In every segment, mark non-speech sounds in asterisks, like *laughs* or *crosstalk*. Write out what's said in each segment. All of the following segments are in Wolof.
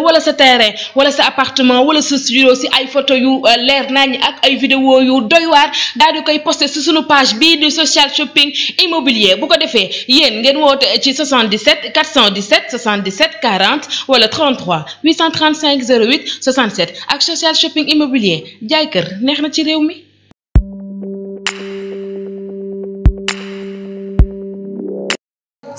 kër wala sa terrain wala sa appartement wala sa studio si ay photo yu euh, leer nañ ak ay vidéo yu doy waar dal di koy posté sur sunu page bi de social shopping immobilier bu ko defee yeen ngeen wote ci 77 417 77 40 wala 33 835 08 67 ak social shopping immobilier jay kër neex ci réew mi.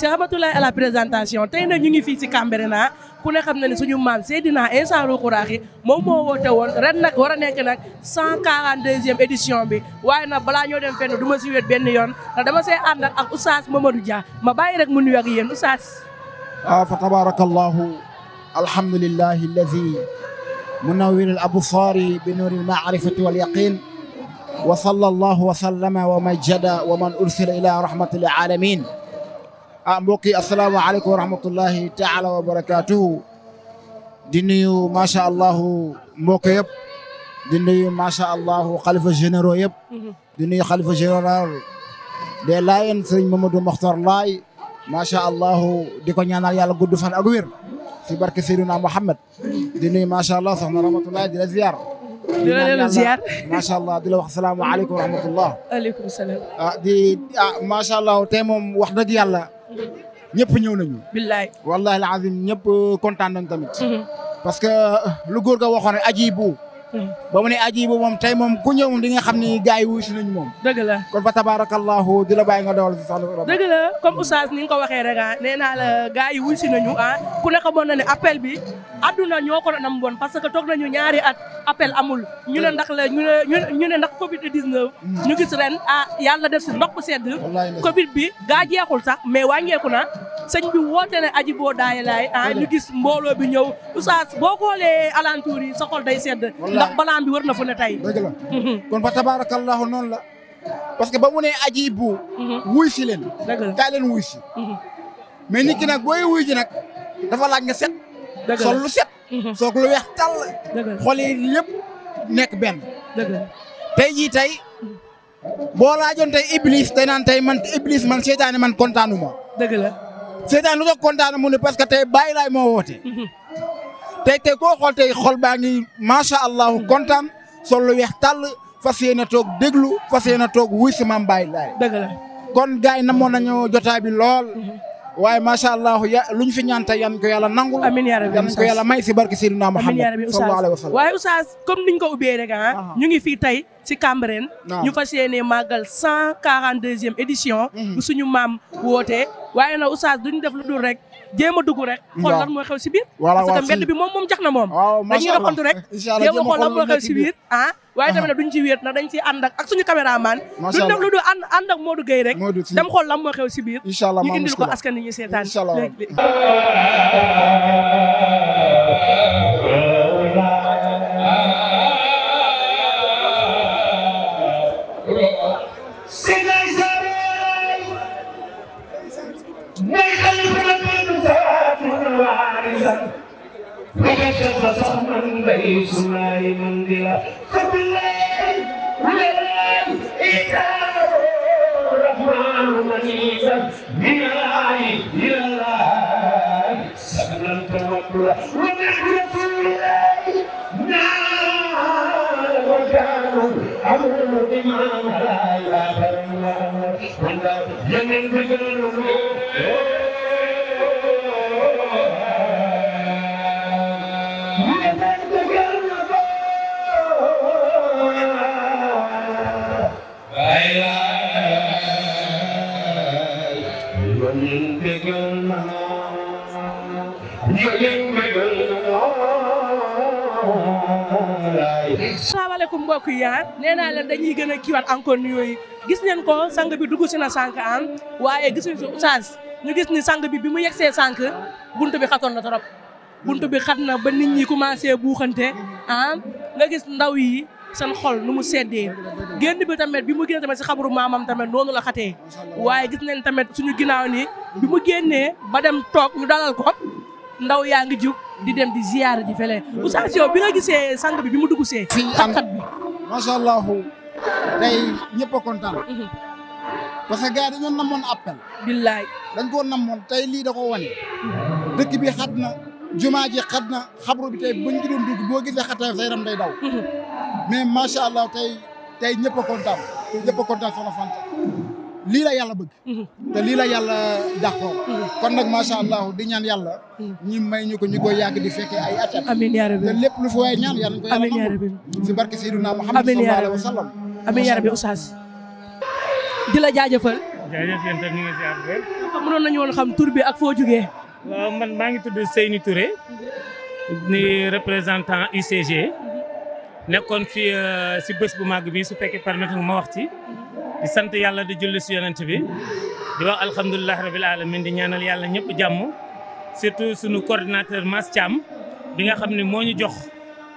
Cheikh Abdoulaye à la présentation tey na ñu ngi fii ci Cambérène ku ne xam na ne suñu maam Seydina Issa Rouhou Lahi moom moo woote woon ren nag war a nekk nag cent quarante deuxième édition bi waaye nag balaa ñoo dem fenn du ma si wet benn yoon ndax dama see ànd ak ma Mamadou Dia ma bàyyi rek mu nuyu ak yéen Oustaz ah fa tabarakallahu alhamdulillahi alladi munawwiril absaari bi nuuril maarifati wal yaqin wa sallallahu wa sallama wa majjada wa man ursila ila rahmatil alamin ah assalamu alaikum warahmatullahi taala wa barakaatuhu di nuyu macha allah mbokk yëpp di nuyu macha allah xalifa généraux yëpp. di nuyu xalifa général de Layènes serigne Mamadou Mokhtar Laye macha allah di ñaanal yàlla guddu fan ak wir ci barke Seydina mohammed di nuyu macha allah soxna rahmatullahi di la ziar. ما شاء الله دي allah السلام عليكم ورحمه الله عليكم السلام دي ما شاء الله ah macha allah tey ñëpp ñëw nañu. billaay wallahi al azim ñëpp kontaan nañ tamit. Mm-hmm. parce que lu góor ga waxoon ne aji bu ba mu ne aji bu moom tey moom ku ñëw moom di nga xam ni gars yi wuy si nañu moom dëgg la kon fa tabarakallahu di la bàyyi nga dawal si sax dëgg la comme oustaz ni nga ko waxee rek ah ne naa la gars yi wuy si nañu ah ku ne mën na ne appel bi adduna ñoo ko nam woon parce que toog nañu ñaari at appel amul ñu ne ndax la ñu ne ñu ne ndax covid 19 ñu gis ren ah yàlla def si ndox sedd covid bi gaa jeexul sax mais wàññeeku na sëñ bi woote ne aji boo daay laay ah ñu gis mbooloo bi ñëw oustaz boo xoolee alentour yi sa xol day sedd ndax balaan bi wër na fu ne tey. dëgg la mhm. noonu la. parce que ba mu nee aji bu. Mhm. wuy si leen. dëgg mhm. mais nit ki nag booy wuy ji nag dafa laaj nga set. dëgg lu set. soog lu weex tàll. dëgg la xol yi lépp nekk benn. dëgg tey jii tey boo laajoon tey Iblis tey naan tey man Iblis man seetaane man kontaanuma. dëgg la seetaane lu ne parce tey bàyyi laay moo woote. tey tey koo xool tey xol baa ngi macha allah kontaan sol lu weex tàll fas yéene toog déglu fas yéene toog wuy si maam Baye Laay. dëgg la kon gars yi namoon nañu jotaay bi lool. Mm-hmm. waaye macha allah ya lu ñu fi ñaanta yan ko yàlla nangul. amiin yaa yàlla may si barke Seydina Muhammad. amiin yaa rabbi sallallahu alayhi wa sallam waaye oustaz comme niñ ko ubbee rek ah. ñu ngi fi tey si Cambérène. ñu fas yéene màggal cent quarante deuxième édition. Mm-hmm. suñu maam wootee. waaye nag oustaz duñ def lu dul rek. jéem a dugg rek xool lan mooy xew si biir parce que mbedd bi moom moom jax na moom dañuy doxantu rek *laughs* jéem a xool lan mooy xew si biir *laughs* ah waaye tamit nag duñ ci wéet na dañ ci ànd ak ak suñu caméraman *laughs* duñ def lu dul ànd ànd ak Modou Gueye rek dem xool lan mooy xew si biir ñu indil ko askan ni ñu seetaan léegi use dañuy gëna a kiiwaat encore nuyo yi gis neen ko sang bi duggu ci na sank am ah. waye gis ñu oustaz ñu gis ni sang bi bi mu yegsee sank buntu bi xaton na torop buntu bi xatna ba nit ñi commencé buuxante ah nga gis ndaw yi san xol nu mu sédé genn bi tamet bi mu gëna tamet ci xabru mamam tamet nonu la xaté waye gis nañ tamet suñu ginaaw ni bi mu génnee ba dem tok ñu dalal ko ndaw yaangi juk di dem di ziyaara di fele oustaz yow bi nga gisee sang bi bi mu duggu see xat-xat bi allah tey ñëpp a kontaan. Mhm. parce que gars yi dañoo namoon appel. billaay dañ koo namoon tey lii da koo wane. Mhm. dëkk bi xat na jumaa ji xat na xabru bi tey buñ ci doon dugg boo gisee xataay sa yaram day daw. Mhm. mais macha a a kontaan soxna Fanta. lii la yàlla bëgg. te lii la yàlla d'accord. kon nag macha di ñaan yàlla. ñi may ñu ko ñu di fekke ay at. amiin yaa rabbi te lépp lu fi waaye ñaan yàlla ñu koy. amiin yaa rabbi si barke Seydina Muhammad sallallahu alayhi wa Abi Yarabi Oustaz di la jaajëfal. jaajëf yéen tam ñu ngi si ànd wér. mënoon nañu woon xam tur bi ak foo jugee. man maa ngi tudd Seyni ture ni représentant UCG. nekkoon fi euh, si bés bu màgg bi su fekkee permettre nga ma wax ci. di sant yàlla di julli si yonent bi. di wax alhamdulilah rabil alamin di ñaanal yàlla ñëpp jàmm. surtout sunu coordinateur Mass Thiam. bi nga xam ne moo ñu jox.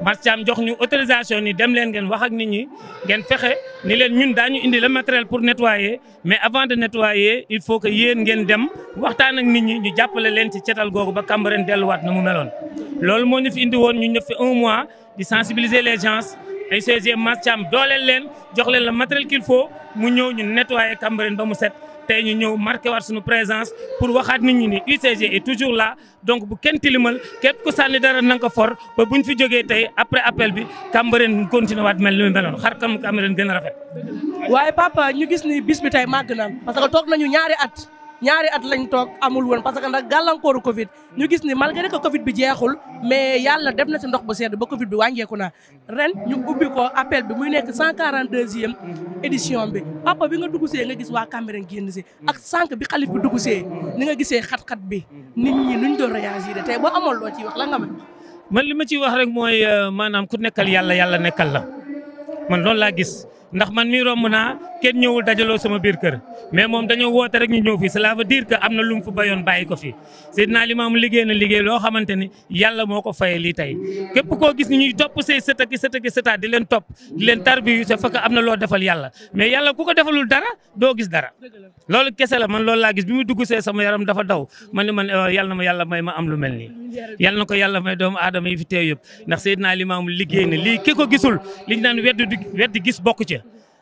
Barthiam jox ñu autorisation ni dem leen ngeen wax ak nit ñi ngeen fexe ni leen ñun dañu indi le matériel pour nettoyer mais avant de nettoyer il faut que yeen ngeen dem waxtaan ak nit ñi ñu jappalé leen ci cetal googu ba Cambérène delluwaat na mu meloon. lool mo ñu fi indi woon ñu ñëw fi un mois di sensibiliser les gens ay 16 CG Barthiam dolel leen jox leen le matériel qu'il faut mu ñëw ñu nettoyer Cambérène ba mu set. tey ñu ñëw marqué waat suñu présence pour waxaat nit ñi ni UCG est toujours là donc bu kenn tilimal képp ku sànni dara na nga ko for ba buñ fi jógee tey après appel bi Cambérène continué waat mel ni mu meloon xar kam Cambérène a waaye papa ñu gis ni bis bi tey màgg na parce que toog nañu ñaari at. ñaari at lañ toog amul woon parce que nag gàllankooru Covid ñu gis ni malgré que Covid bi jeexul mais yàlla def na si ndox bu sedd ba Covid bi wàññeeku naa ren ñu ubbi ko appel bi muy nekk cent quarante deuxième édition bi papa bi nga dugg see nga gis waa Cambérène génn si ak sànq bi xalif bi dugg see ni nga gisee xat-xat bi nit ñi nuñ doon réagir tey boo amoon loo ci wax la nga mën. man li ma ciy wax rek mooy euh, maanaam ku nekkal yàlla yàlla nekkal la man loolu laa gis. ndax man mi romb na kenn ñewul dajalo sama biir kër mais mom dañu wote rek ñu ñew fi cela veut dire que amna na lu mu fi fi Seydina limam liggey na liggey lo xamanteni yalla moko fayé li tay kep ko gis ni ñuy top sey seta ki seta ki sëtaat di len top di len tarbi yu fekk ka amna lo defal yalla mais yalla kuko defalul dara do gis dara loolu kese la man loolu la gis bi mu dugg sey sama yaram dafa daw man ni man euh, yalla nama Yalla may ma am lu melni yalla nako na may doom adam yi fi teyup ndax limam liggey na li kiko gisul liñ nane wedd wedd gis bokku ci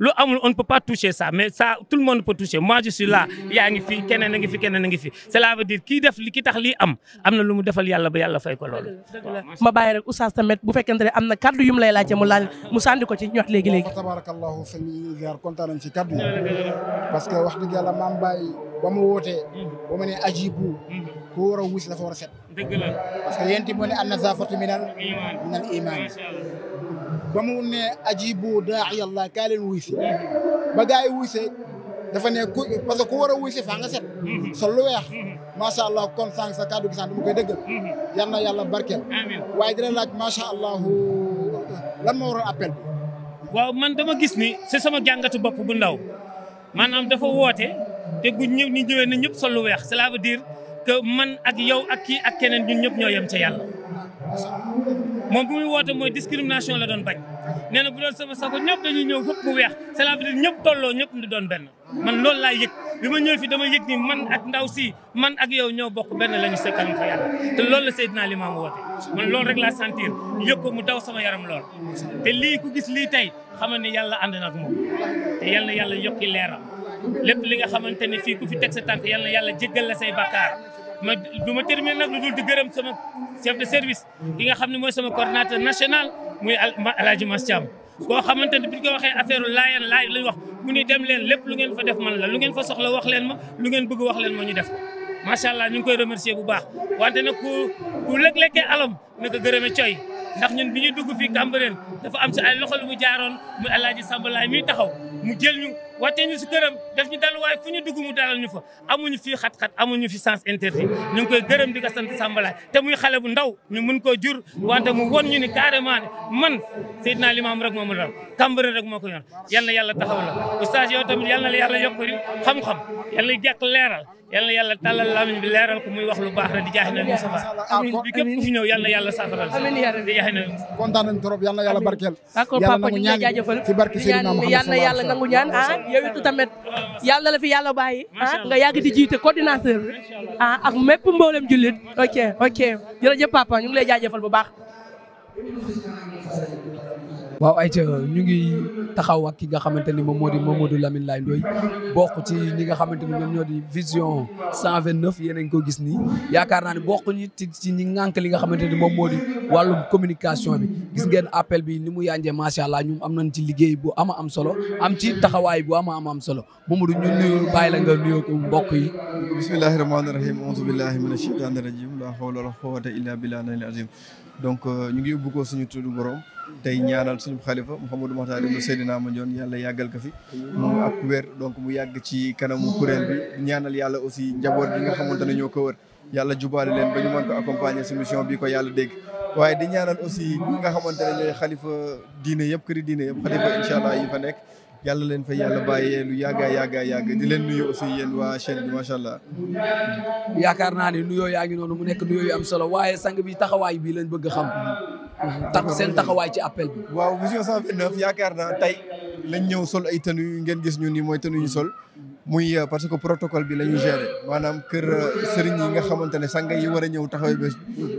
lu amul on ne peut pas toucher ça mais ça tout le monde peut toucher yaa ngi fi keneen a ngi fi keneen a ngi fi cela veut dire kii def li ki tax lii am am na lu mu defal yàlla ba yàlla fay ko loolu. ma bàyyi rek oustaz tamit bu fekkente ne am na kaddu yu mu lay laajte mu laaj mu sànni ko ci ñox léegi léegi. waaw tabarakallahu sëñ ziar parce que wax dëgg yàlla maam Baye ba mu wootee ba mu ne ajibu ku war a wuus dafa war a set. dëgg la parce que yéen itam moo ne an nazaafatu minal minal iman ba mu ne ajibu daax yàlla kaa leen wuy ba gars yi wuy see dafa ne ku parce que war a wuy si faa nga set mhm. sa lu weex mhm. macha allah kon sànq sa kàddu gi sànq dama koy dëggal mhm. yal na yàlla barke waaye dina laaj macha allah lan moo waroon appel waaw man dama gis ni c'est sama jàngatu bopp bu ndaw maanaam dafa woote te bu ñëw ni ñëwee na ñëpp sol lu weex cela veut dire que man ak yow ak kii ak keneen ñun ñëpp ñoo yem ca yàlla moom bu muy woote mooy discrimination la doon bañ nee na bu doon sama sago ñëpp dañuy ñëw fépp mu weex cela ñëpp tolloo ñëpp di doon benn man loolu la yëg bi ma ñëw fi dama yëg ni man ak ndaw si man ak yow ñoo bokk benn la ñu sëkkalam fa yàlla te loolu la Seydina Limaamu woote man loolu rek laa sentir yëg ko mu daw sama yaram lool te lii ku gis lii tey xamal ne yàlla ànd moom te yal na yàlla yokki leeram lépp li nga xamante ne fii ku fi yàlla jéggal la say bakkaar ma du ma terminer nag lu dul di gërëm sama chef de service ki nga xam ne mooy sama coordinateur national muy El Hadj Mass Thiam koo xamante ne bi ñu ko waxee affaire laayan laay lañ wax mu ni dem leen lépp lu ngeen fa def man la lu ngeen fa soxla wax leen ma lu ngeen bëgg wax leen moo ñu def macha allah ñu ngi koy remercier bu baax wante nag ku ku lëkk-lekkee ñu ko gërëme coy ndax ñun bi ñu dugg fii Cambérène dafa am si ay loxo lu mu jaaroon muy Alaaji Samba Laay taxaw mu jël ñu wàccee ñu si këram def ñu daluwaay fu ñu dugg mu dalal ñu fa amuñu fii xat-xat amuñu fi sens interdit ñu ngi koy gërëm di ko sant Samba Laay te muy xale bu ndaw ñu mun koo jur wante mu won ñu ni carrément ne man Seydina Limaam rek moo ma doon Cambérène rek moo ko ñor yal na yàlla taxaw la oustaz yow tamit yal na la yàlla yokk xam-xam yal na jekk leeral yal na yàlla tàllal lamiñ bi leeral ko muy wax lu baax rek di jaaxle Mustafa bi képp yàlla saafaral si yaa na kontaan nañ yal na yàlla barkeel yàlla nangu ñaan ci barke Seydina Muhammad yal na yàlla nangu ñaan ah yow it tamit yàlla la fi yàlla bàyyi ah nga yàgg di jiite coordinateur bi ah ak mépp mboolem jullit ok ok jërëjëf papa ñu ngi lay jaajëfal bu baax waaw ayca ñu ngi taxaw ki nga xamante ni moom moo di Mamadou Lamine Laye Ndoye bokk ci ñi nga xamante ni ñoom ñoo di vision 129 yéen a ko gis nii yaakaar naa ne bokk ñu ci ci ñi ŋànk li nga xamante ni moom moo di wàllum communication bi gis ngeen appel bi ni mu yànjee macha allah ñun am nañ ci liggéey bu am am solo am ci taxawaay boo ama am am solo Mamadou ñu nuyoo bàyyi la nga nuyoo ko mbokk yi. bismillahi rahmaani rahim auzu billahi mina shaytaani rajim la hawla wala quwwata euh, ñu ngi ubbi ko suñu tudd borom. tey ñaanal suñu xalifa mu Mouhamadou Makhtar ibnu Seydina Mandione yàlla yàggal ko fi mu ak wér donc mu yàgg ci kanamu kuréel bi ñaanal yàlla aussi njaboot gi nga xamante ne ñoo ko wër yàlla jubaale leen ba ñu mën ko accompagner si mission bi ko yàlla dégg waaye di ñaanal aussi ñi nga xamante ne ñooy xalifa diine yëpp këri diine yëpp xalifa incha yi fa nekk yàlla leen fa yàlla bàyyee lu yàggaa yàggaa yàgg di leen nuyu aussi yéen waa chaîne bi macha allah. yaakaar naa ne nuyoo yaa ngi noonu mu nekk am solo waaye sang taxawaay bi lañ bëgg xam tax seen taxawaay ci appel bi. waaw vision 129 yaakaar naa tey lañ ñëw sol ay tenues ngeen gis ñu nii mooy tenues ñu sol. muy euh, parce que protocole bi la ñuy gérer maanaam kër euh, sëriñ yi nga xamante ne sanga yi war a ñëw taxawee bés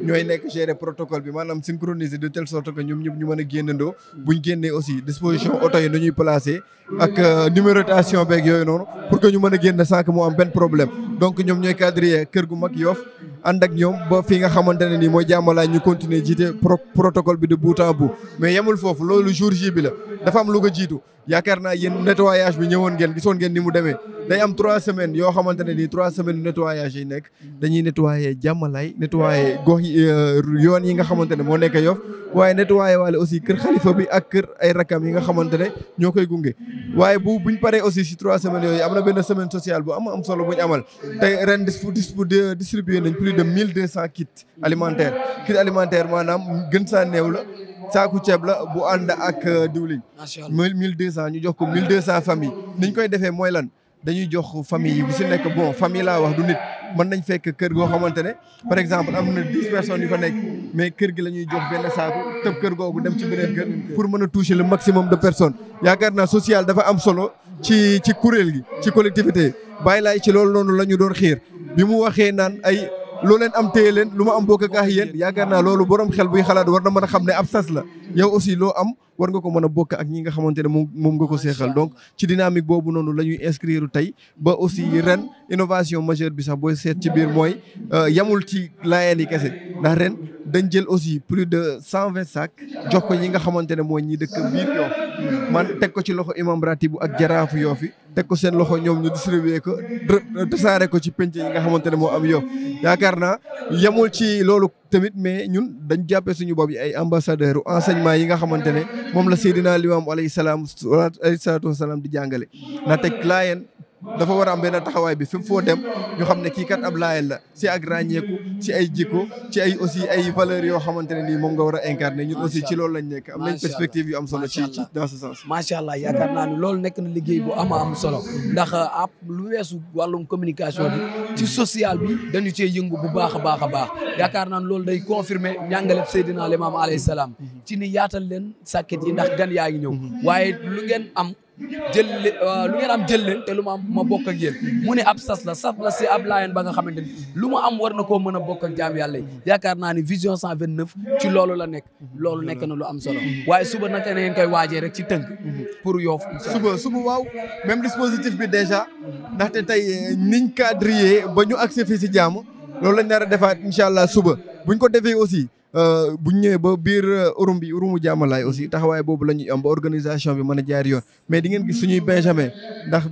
ñooy nekk gérer protocole bi maanaam synchroniser de telle sorte que ñoom ñëpp ñu mën a génnandoo buñ génnee aussi disposition oto yi nu ñuy placé ak euh, numérotation beeg yooyu noonu pour que ñu mën a génn sans que am benn problème donc ñoom ñooy cadre kër gu mag Yoff ànd ak ñoom ba fi nga xamante ne nii mooy jàmmalaay ñu continuer jiite protocole bi de bout en mais yemul foofu loolu jour J bi la dafa am lu ko jiitu yaakaar naa yéen nettoyage bi ñëwoon ngeen gisoon ngeen ni mu demee day am trois semaines yoo xamante ne nii trois semaines nettoyage yi nekk dañuy nettoyer jàmmalaay nettoyer gox yi euh, yoon yi nga xamante ne moo nekk Yoff waaye nettoyer waale aussi kër xalifa bi ak kër ay rakam yi nga xamante ne ñoo koy gunge waaye bu buñ paree aussi si trois semaines yooyu am na benn semaine sociale bu am solo plus de mille deux cent kits alimentaires kit alimentaire maanaam gën saa la saaku ceeb la bu ànd ak euh, diwlin mille deux cent ñu jox ko mille deux cent famille ni ñu koy defee mooy lan dañuy jox famille yi bu si nekk bon famille laa wax du nit mën nañ fekk kër goo xamante ne par exemple am na dix personnes yi fa nekk mais kër gi la ñuy jox benn saaku tëb kër googu dem ci beneen kër pour mën a toucher le maximum de personnes yaakaar naa social dafa am solo ci ci kuréel gi ci collectivité bàyyi laay ci loolu noonu la doon xiir loo am téye leen lu ma am bokk ak yéen yaakaar naa loolu borom xel buy xalaat war na mën a xam ne ab sas la yow aussi loo am war nga ko mën a bokk ak ñi nga xamante ne moom moom nga ko seexal donc ci dynamique boobu noonu la ñuy inscrire tey ba aussi ren innovation majeure bi sax booy seet ci biir mooy euh, yamul ci laayeen yi kese ndax ren dañ jël aussi plus de cent vingt sacs jox ko ñi nga xamante ne mooy ñi dëkk biir man teg ko ci loxo imam ratibu ak jaraafu Yoff yi teg ko seen loxo ñoom ñu distribué ko tasaare ko ci penc yi nga xamante ne moo am Yoff yaakaar naa yamul ci loolu tamit mais ñun dañ jàppee suñu bopp yi ay ambassadeur u enseignement yi nga xamante ne moom la Seydina Limaamu alayhi salaam alayhi salaatu wasalaam di jàngale teg client dafa war a am benn taxawaay bi fi foo dem ñu ne kii kat ab laayal la si ak ràññeeku ci ay jikko ci ay aussi valeurs yoo xamante ne nii moom nga war a incarner ñun aussi ci loolu lañ nekk am nañ perspective yu am solo ci ci dans ce sens macha allah yaakaar naa ne nekk na liggéey bu ama am solo ndax euh, ab lu weesu wàllum communication bi ci social bi dañu cee yëngu bu baax a baax a baax yaakaar naa ne loolu day confirmer njàngaleb Seydina Limaam alayhi salaam ci ni yaatal leen sàkket yi ndax gan yaa ngi ñëw mm-hmm. jël euh, lu ngeen am jël leen te lu ma am ma bokk ak mu ne ab sas la sas la si ab laayeen ba nga xamante ni lu ma am war na koo mën a bokk ak jaam yàlla yi yaakaar naa ni vision 129 ci loolu la nekk loolu nekk na lu am solo waaye suba naka na ngeen koy waajee rek ci tënk pour yoof suba suba waaw même dispositif bi déjà ndaxte tey euh, niñ cadrier ba ñu accès fii si jaamu loolu lañ nar a defaat incha allah suba buñ ko defee aussi Euh, bu ñu ñëwee ba biir euh, urum bi urumu jàmmalaay aussi mm-hmm. taxawaay boobu la ñuy am organisation bi mën a jaar yoon. mais di ngeen gis suñuy mm-hmm. benjamin ndax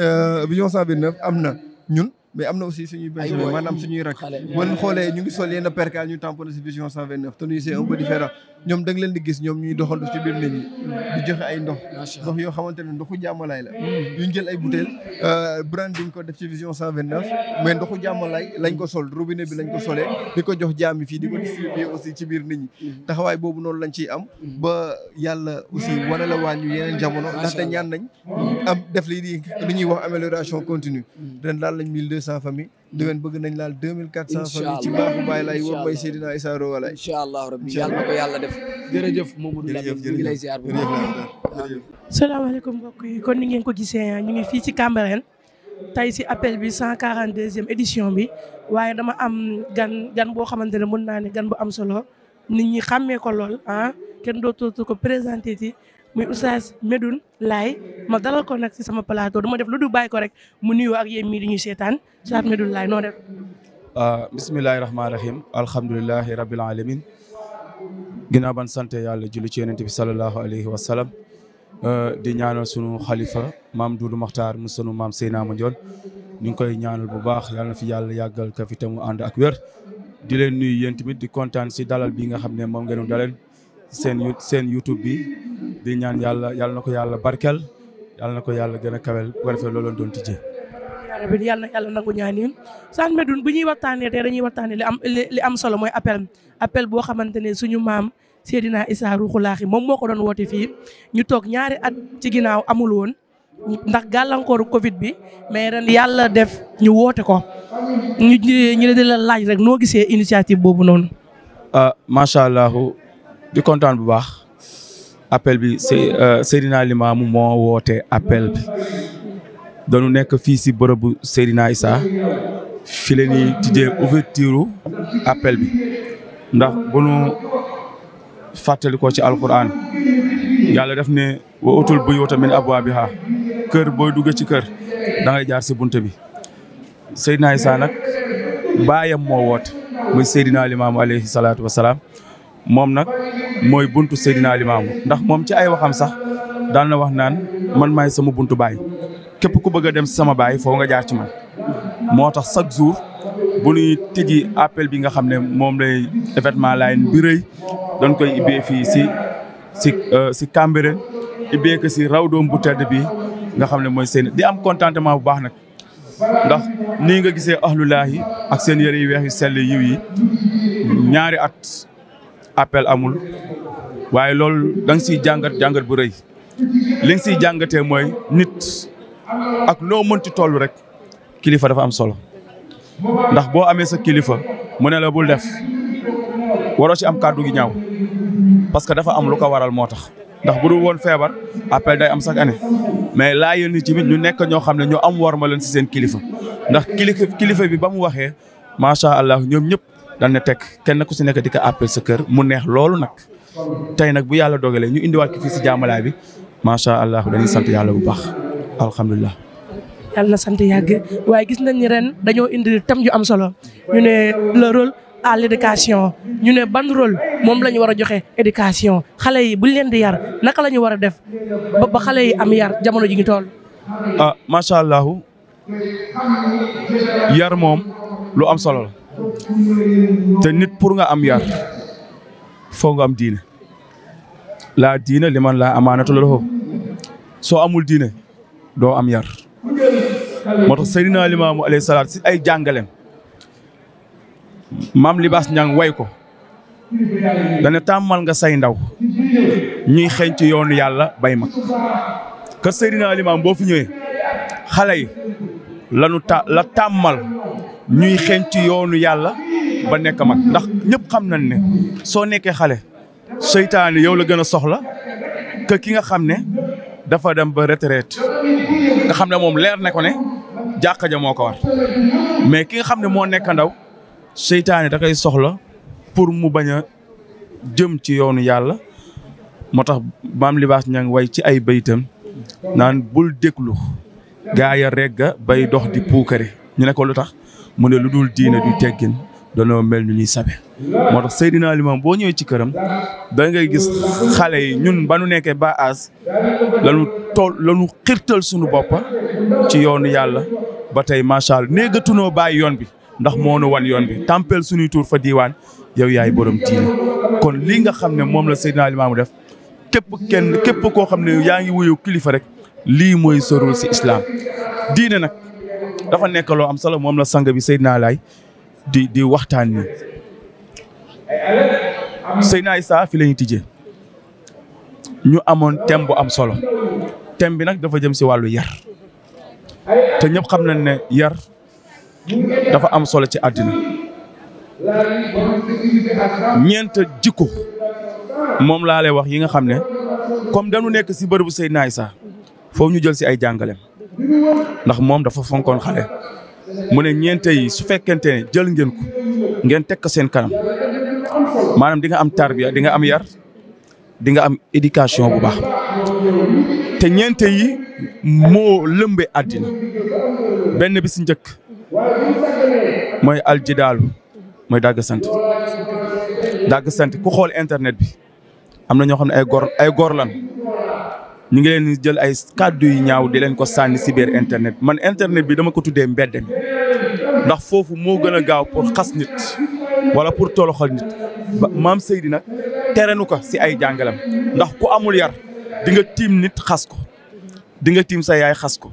euh, vision 129 am na ñun. mais am na aussi suñuy benjamin maanaam suñuy rak. xale xoolee ñu ngi sol yenn percal ñu tamponné si vision 129 te nuyu c'est un peu différent. ñoom da nga leen di gis ñoom ñuy doxantu ci biir nit ñi di joxe ay ndox ndox yoo xamante ne ndoxu jàmmalaay la mm. ñu jël ay bouteille euh, branding ko def ci vision cent vingt neuf mais ndoxu jàmmalaay lañ ko sol robinet bi lañ ko solee di ko jox jaam yi fii di ko distribuer aussi ci biir nit ñi mm. taxawaay boobu noonu lañ ciy am mm. ba yàlla aussi wane la waa ñu yeneen jamono ndaxte ñaan nañ am def lii di li ñuy wax amélioration continue ren daal lañ mille deux cent famille déwén bëgg nañ laal deux mille quatre cent famille ci baaxu Baay Laay woo bay Seydina Issa Rouhou Laye incha allah rabbi yàlla na ko yàlla def jërëjëf Mamadou Lamine ñu ngi lay ziar bu baax ah. salaamaaleykum mbokk yi kon ni ngeen ko gisee ah, ñu ngi fii ci Cambérène tey si appel bi cent quarante deuxième édition bi waaye dama am gan gan boo xamante ne mën naa ne gan bu am solo nit ñi xàmmee ko lool ah kenn dootootu ko présenté ci muy oustaz medun lay ma dalal ko nak ci sama plateau du def luddou bay ko rek mu nuyoo ak yemi di ñuy oustaz Medoune lay no def. Ah, bismillahir rahmanir rahim alhamdulillahi rabbil alamin gina ban sante yalla julli ci yenenbi sallallahu alayhi wa sallam ah, di ñaanal sunu khalifa mam Doudou Makhtar mu sunu mam Seyna Mandione ñu koy ñaanal bu baax yalla fi yalla yagal ka fi tamu and ak wér di len nuyu yentimit di contane si dalal bi nga xamne mom ngeenu ngeen seen seen YouTube bi di ñaan yàlla yàlla na ko yàlla barkel yàlla na ko yàlla gën a kawel bu ko defee looloon doon tijjee. rabin yàlla na yàlla nangu ñaan yi San Médoune bu ñuy waxtaanee tey dañuy waxtaanee li am li am solo mooy appel appel boo xamante ne suñu maam Seydina Issa Ruuxu moom moo ko doon woote fii ñu toog ñaari at ci ginnaaw amul woon ndax gàllankooru Covid bi mais ren yàlla def ñu woote ko ñu ñu di la laaj rek noo gisee initiative boobu noonu. Ah, macha allah di kontaan bu baax appel bi euh, Seydina Limamou moo woote appel bi dañu nekk fii si bërëbu Seydina Issa fi la ñuy tuddee bi ndax bu nu ci alquran yàlla def ne wa utul buyuuta min abwaabihaa kër booy dugg ci kër da jaar si bunte bi Seydina Issa nag moo woot muy Seydina Limamou alayhi salaatu wa salaam moom mooy buntu Seydina Limaamu ndax moom ci ay waxam sax daan na wax naan man maay sama buntu baay képp ku bëgg a dem sama baay foo nga jaar ci man moo tax chaque jour bu ñuy tëji appel bi nga xam ne moom lay événement laay bi rëy dañ koy ibbee fii si si euh, si Cambérène ibbee ko si raw doom bu tedd bi nga xam ne mooy seen di am contentement bu baax nag ndax nii nga gisee ahlulaahi ak seen yëre yu weex yu sell yiw yi ñaari at appel amul waye lol dang ci jangat jangat bu reuy liñ ci jangate moy nit ak tollu rek kilifa dafa am solo ndax bo amé sa kilifa mune la bul def waro ci am kaddu gi ñaaw parce que dafa am lu ko waral motax ndax bu du won febar appel day am sax ané mais ni nit tamit ñu nekk ño xamné ño am war ma leen ci seen kilifa ndax kilifa kilifa bi ba waxé ma sha allah ñom ñep dañ ne teg kenn ku si nekk di ko appel sa kër mu neex loolu nag tey nag bu yàlla dogalee ñu indiwaat ki fii si jaamalaay bi macha allah dañuy sant yàlla bu baax alhamdulilah. yàlla na sant yàgg waaye gis nañ ni ren dañoo indi tam yu am solo ñu ne le rôle à ñu ne ban rôle moom la ñu war a joxe éducation xale yi buñ leen di yar naka la war a def ba xale yi am yar jamono ji ngi toll. ah macha allah yar moom lu am solo la. te nit pour nga am yar foo am diine laa diine li man laa amaanatu loxo soo amul diine doo am yar moo tax Seydina Limaamu alayhi salaatu si ay jàngaleem maam libaas ñang way ko dana tàmmal nga say ndaw ñuy xeeñ ci yoonu yàlla bay ma kër Seydina Limaam boo fi ñëwee xale yi lanu ta la tàmmal ñuy xeeñ ci yoonu yàlla ba nekk mag ndax ñëpp xam nañ ne soo nekkee xale seytaane yow la gën a soxla que ki nga xam ne dafa dem ba retraite nga xam ne moom leer na ko ne jàkka ja moo ko war mais ki nga xam ne moo nekk ndaw seytaane da koy soxla pour mu bañ a jëm ci yoonu yàlla moo tax maam libaas ngi way ci ay baytam naan bul déglu gaaya regga bay dox di puukare ñu ne ko lu tax mu ne lu dul diine du teggin danoo mel ni ñuy sabe moo tax Seydina Limam boo ñëwee ci këram da ngay gis xale yi ñun ba nu nekkee ba as lañu tool lañu xirtal suñu bopp ci yoon yàlla ba tey macha allah néegatunoo bàyyi yoon bi ndax moo nu wan yoon bi tàmpeel suñuy tuur fa diiwaan yow yaay borom diine kon lii nga xam ne moom la Seydina Limam def képp kenn képp koo xam ne yaa ngi wuyu kilifa rek lii mooy sorul si islaam diine nag. dafa nekk loo am solo moom la sang bi Seydina Laay di di waxtaan ni Seydina Issa fi la ñuy tijjee ñu amoon thème bu am solo thème bi nag dafa jëm si wàllu yar te ñëpp xam nañ ne yar dafa am solo ci àddina ñeent jikko moom laa lay wax yi nga xam ne comme dañu nekk si bërëbu Seydina Issa foofu ñu jël si ay jàngaleem ndax moom dafa fonkoon xale mu ne ñeente yi su fekkente ne jël ngeen ko ngeen teg ko seen kanam maanaam dinga am tarbiya di nga am yar dinga am éducation bu baax te ñeente yi moo lëmbee àddina benn bi si njëkk mooy aljidaalu mooy dagg sant dagg sant ku xool internet bi am na ñoo xam ne ay gor ay gor lan ñu ngi leen jël ay kàddu yu ñaaw di leen ko sànni si biir internet man internet bi dama ko tuddee mbedd mi ndax foofu moo gën a gaaw pour xas nit wala pour toloxal nit ba maam Seydi nag terenu ko si ay jàngalam ndax ku amul yar di nga tiim nit xas ko di nga tiim sa yaay xas ko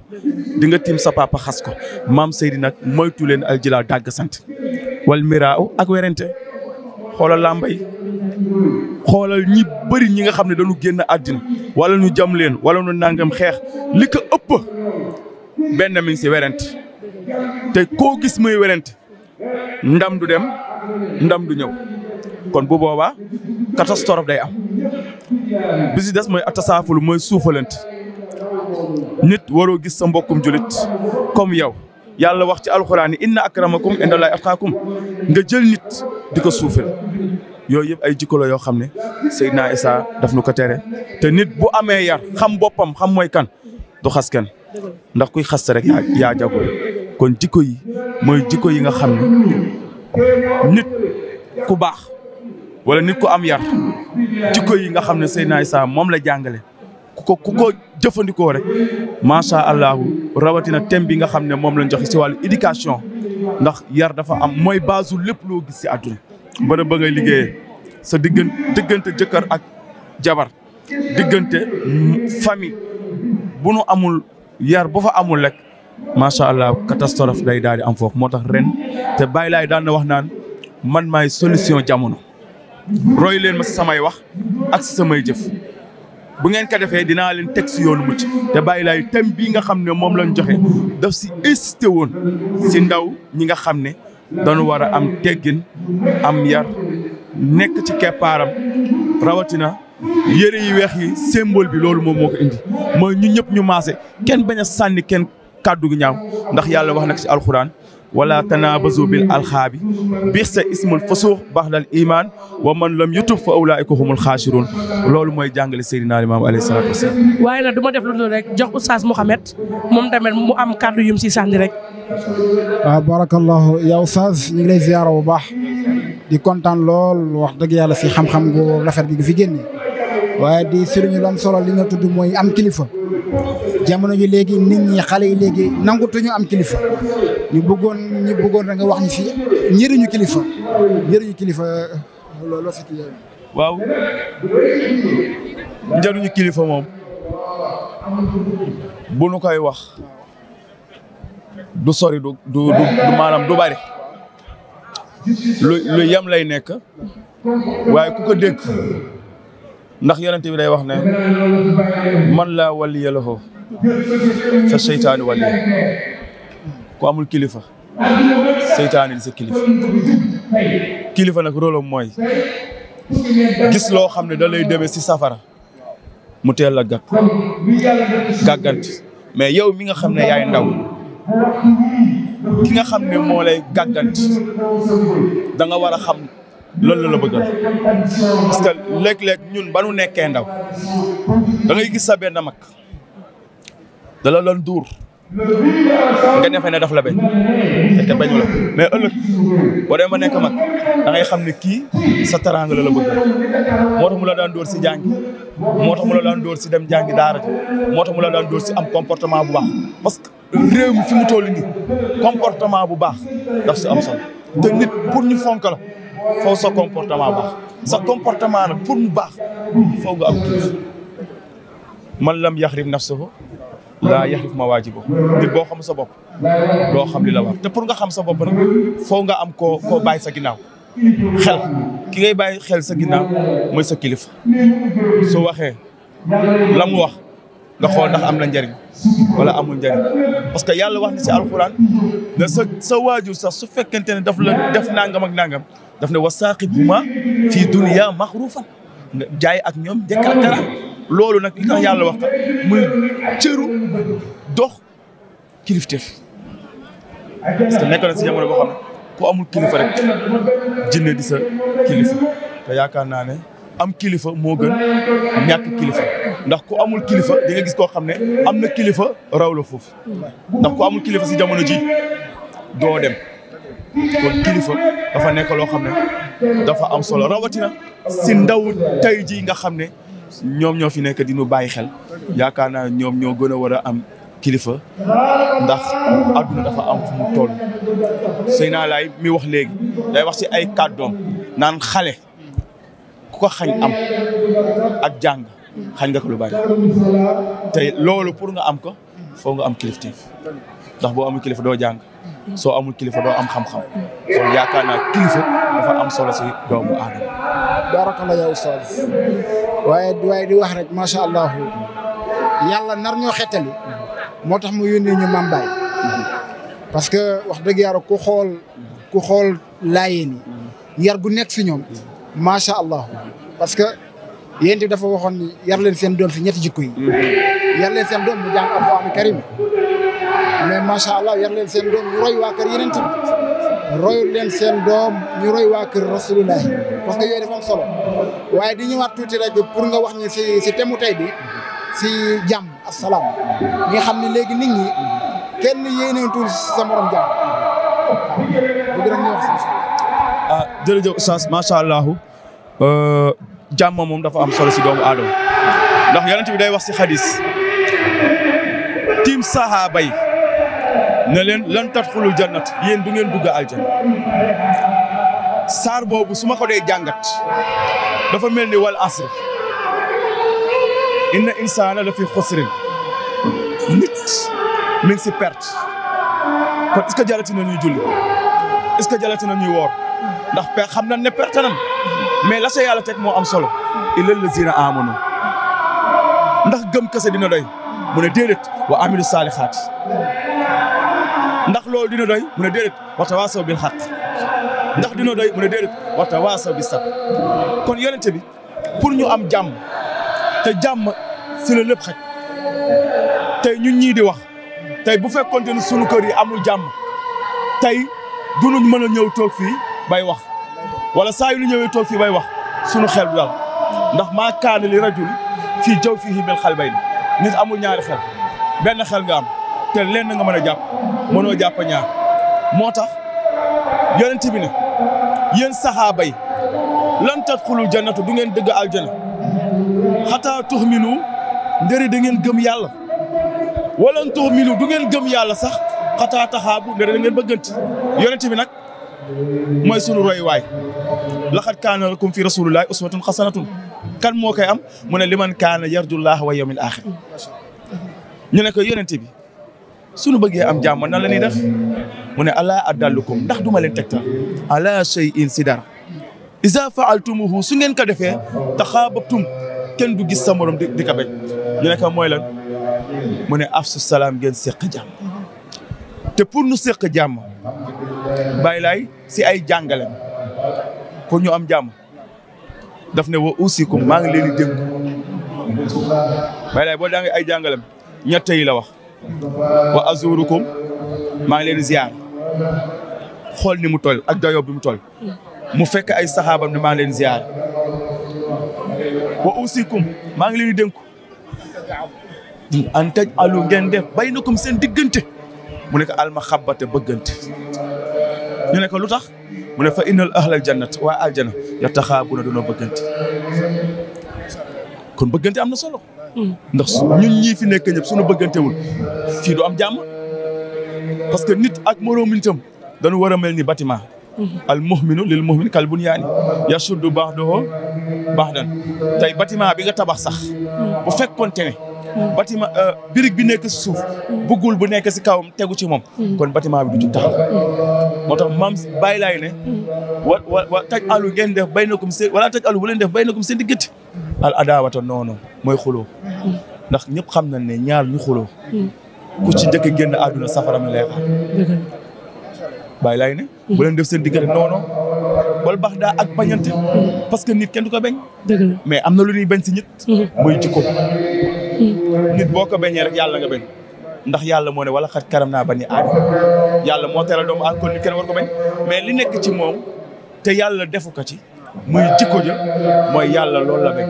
di nga tiim sa papa xas ko maam Seydi nag moytu leen aljilaa dàgg sant wal miraaw ak werente xoolal làmba xoolal ñi bëri ñi nga xam ne dañu génn àddina wala ñu jam leen wala ñu nangam xeex li ko ëpp benn mi ngi si werent te koo gis muy werent ndam du dem ndam du ñëw kon bu boobaa catastrophe day am bi si des mooy atasaaful mooy suufalante nit waroo gis sa mbokkum julit comme yow yàlla wax ci alxuraan yi inna akramakum indallahi atqaakum nga jël nit di ko suufal yooyu yëpp ay jikko la yoo xam ne Seydina Isa daf nu ko tere te nit bu amee yar xam boppam xam mooy kan du xas kenn ndax kuy xas rek yaa yaa jago kon jikko yi mooy jikko yi nga xam ne nit ku baax wala nit ku am yar jikko yi nga xam ne Seydina Isa moom la jàngale ku ko ku ko jëfandikoo rek macha allahu rawatina thème bi nga xam ne moom lañ joxe si wàllu éducation ndax yar dafa am mooy baasu lépp loo gis si àdduna bërëb ba ngay liggéeyee sa diggan diggante jëkkër ak jabar diggante famille bu nu amul yar bu fa amul lekk macha allah catastrophe day daal di am foofu moo tax ren te bàyyi laay daan na wax naan man maay solution jamono roy leen ma samay wax ak si samay jëf bu ngeen ko defee dinaa leen teg si yoonu mucc te bàyyi laay thème bii nga xam ne moom lañ joxe daf si insisté woon si ndaw ñi nga xam ne dañu war a am teggin am yar nekk ci keppaaram rawatina yëre yi weex yi symbole bi loolu moom indi mooy ñu ñëpp ñu maase kenn bañ a sànni kenn kàddu gi ñaaw ndax yàlla wax nag ci alxuraan ولا تنابزوا بالالخاب بيس اسم الفسوق بهل الايمان ومن لم يتوب فاولئك هم الخاسرون لول موي جانغال سيدنا الامام عليه الصلاه والسلام واي نا دوما ديف لول ريك جوخ استاذ محمد موم تامل مو ام كادو يوم سي ساندي ريك آه، بارك الله يا استاذ نغي لي زياره بو باخ دي كونتان لول واخ دغ يالا سي خم خم غو لافير بي في جيني واي دي سيرني لام سولو لي نتو دو موي ام كليفه jamono ji léegi nit ñi xale yi léegi nangutuñu am kilifa ñu bëggoon ñu bëggoon da wax ñu fi njëriñu kilifa njëriñu kilifa euh, loolu la fi kilifa moom bu nu wax du sori du du du du bari lu lu yem lay nekk waaye ku ko dégg ndax yonent bi day wax ne man laa waliya lahu fa seytaanu waliya ku amul kilifa seytaane di sa kilifa kilifa nag rôlam mooy gis loo xam ne da lay demee si safara mu teel la gàkk gàggant mais yow mi nga xam ne yaay ndaw ki nga xam ne moo lay gàggant da war a xam loolu la la bëggal parce que léeg-léeg ñun ba nu nekkee ndaw da ngay gis sa benn mag da la doon duur nga defee ne daf la bañ fekk bañu la mais ëllëg boo demee ba mag da ngay xam ne kii sa teraanga la la bëgg moo tax mu la daan dóor si jàngi moo tax mu la daan dóor si dem jàngi daara ji moo tax mu la daan dóor si am comportement bu baax parce que réew mi fi mu toll nii comportement bu baax daf si am solo te nit pour ñu fonk faw sa comportement baax sa comportement nag pour mu baax faw nga am kilifa man lam yaxrif nafsahu laa yaxrif mawaajibahu nit boo xam sa bopp doo xam li la war te pour nga xam sa bopp nag faw nga am koo koo bàyyi sa ginnaaw xel ki ngay bàyyi xel sa ginnaaw mooy sa kilifa su waxee la wax nga xool ndax am na njëriñ wala amul njëriñ parce que yàlla wax na si alxuraan ne sa sa waajur sax su fekkente ne daf la def nangam ak nangam daf ne wasaaqikuma fii dunya maxruufan nga jaay ak ñoom njëkk ak dara loolu nag li tax yàlla wax ko muy cëru dox kilifteef parce que nekk na si jamono boo xam ne ku amul kilifa rek jinne di sa kilifa te yaakaar naa ne am kilifa moo gën ñàkk kilifa ndax ku amul kilifa di nga gis koo xam ne am na kilifa raw la foofu ndax ku amul kilifa si jamono ji doo dem kon kilifa dafa nekk loo xam ne dafa am solo rawatina si ndaw tey jii nga xam ne ñoom ñoo fi nekk di ñu bàyyi xel yaakaar naa ñoom ñoo gën a war a am kilifa ndax àdduna dafa am fu mu toll sëy naa mi wax léegi day wax si ay kàddoom naan xale ko xañ am ak jàng xañ nga ko lu bari te loolu pour nga am ko foo nga am kilifteef ndax boo amul kilifa doo jàng soo amul kilifa doo am xam-xam kon yaakaar naa kilifa dafa am solo si doomu aadama baarakallah yaa ustaaz waaye waaye di wax rek macha allah yàlla nar ñoo xettali moo tax mu yónnee ñu Mame Baye parce que wax dëgg yàlla ku xool ku xool laayeen yi yar gu nekk si ñoom macha allah parce que yéen dafa waxoon ni yar leen seen doom si ñetti jikko yi yar leen seen doom mu jàng alxuraan karim mais macha allah yar leen seen doom ñu roy waa kër yeneen tamit royul leen seen ñu roy parce que dafa solo di ñëwaat rek pour nga wax si si temu tey bi si jàmm asalaam nga xam ne nit ñi kenn yéeneentul sa morom rek ñu wax ah allah euh, dafa am solo si doomu aadama ndax yonent bi day wax si xadis yi نلن لن تدخلوا الجنة ين دونين دوغا الجنة سار بوبو سوما كو دي جانغات دا فا ملني وال عصر ان الانسان لفي خسر نيت من سي بيرت كون اسكو جالاتي نوي جولي اسكو جالاتي نوي وور دا خ خمنا ني بيرت نان مي لا سي يالا تك مو ام سولو الا الذين امنوا ndax gëm kasse dina doy mune dedet wa amilu ndax loolu dina doy mu ne déedéet wa tawaasaw bil haqq ndax dina doy mu ne déedéet wa tawaasaw bis sabr kon yonente bi pour ñu am jàmm te jàmm ci la lépp xaj tey ñun ñi di wax tey bu fekkonte ni sunu kër yi amul jàmm tey dunuñ mën a ñëw tok fi bay wax wala sa yu ñu ñëwee toog fii bay wax sunu xel du dal ndax ma kan li rajul fi jaw fi bil khalbayn nit amul ñaari xel ben xel nga am te lenn nga mëna jàpp mënoo jàpp ñaar moo tax yonent bi ne yéen saxaaba yi lan tadxulul jannatu du ngeen dëgg aljana xataa tuxminu ndëri da ngeen gëm yàlla wala tuxminu du ngeen gëm yàlla sax xataa taxaabu ndëri da ngeen bëggante yonent bi nag mooy sunu roy waay laxat kaana lakum fi rasulillahi uswatun xasanatun kan moo koy am mu ne liman kaana yarjullaah wa yawmil axir ñu ne ko yonent suñu bëggé am jàmm na la ni def mu ne alaa adallukum ndax duma len tekta ala shay'in sidar iza faaltumuhu su ngeen ko defé takhabtum ken du gis sa morom di ka bëj ñu ne ko mooy lan mu ne afsu salam ngeen sekk jàmm te pour nu sekk jàmm bay lay ci ay jàngale ko ñu am jàmm daf ne wa usikum ma ngi leen di dénk bay lay bo daa ngi ay jàngalem ñett la wax wa azurukum maa ngi leen di xool ni mu toll ak dayoo bi mu toll mu fekk ay saxaabam ne maa leen di ziar wa usikum maa ngi leen di dénku an taj alu ngeen def bay na kom seen diggante mu nekk ko alma xabbate bëggante ñu ne ko lu tax mu ne fa innal ahlal jannat waa aljana ya taxaabuna doona bëggante kon bëggënte am na solo ndax ñun ñii fi nekk ñëpp suñu bëggantewul fii du am jàmm parce que nit ak moroom nitam dañu war a mel ni bâtiment mhm. al muhminu lil muhmin kal bunyaani yasuddu ba'duhu ba'dan tey bâtiment bi nga tabax sax mhm. bu fekkoonte ne mhm. bâtiment euh, birig bi nekk si suuf buggul bu nekk si kawam tegu ci moom kon bâtiment bi du ci taxaw moo tax maam bàyyi laay ne wa wa wa taj alu ngeen na ko seen wala taj alu bu leen def bay na ko seen diggante al adaawata noonu mooy xuloo ndax ñëpp xam na ne ñaar ñu xuloo ku ci njëkk génn àdduna safara mi lay xaar laay ne bu leen def seen diggante noonu wala baax daa ak bañante parce que nit kenn du ko bañ mais am na lu ñuy bañ si nit mooy jikko nit boo ko bañee rek yàlla nga bañ ndax yàlla moo ne wala xat karam naa bani aadama yàlla moo teral doomu aadama kon nit kenn war ko bañ mais li nekk ci moom te yàlla defu ko ci muy jikko ja mooy yàlla loolu la bañ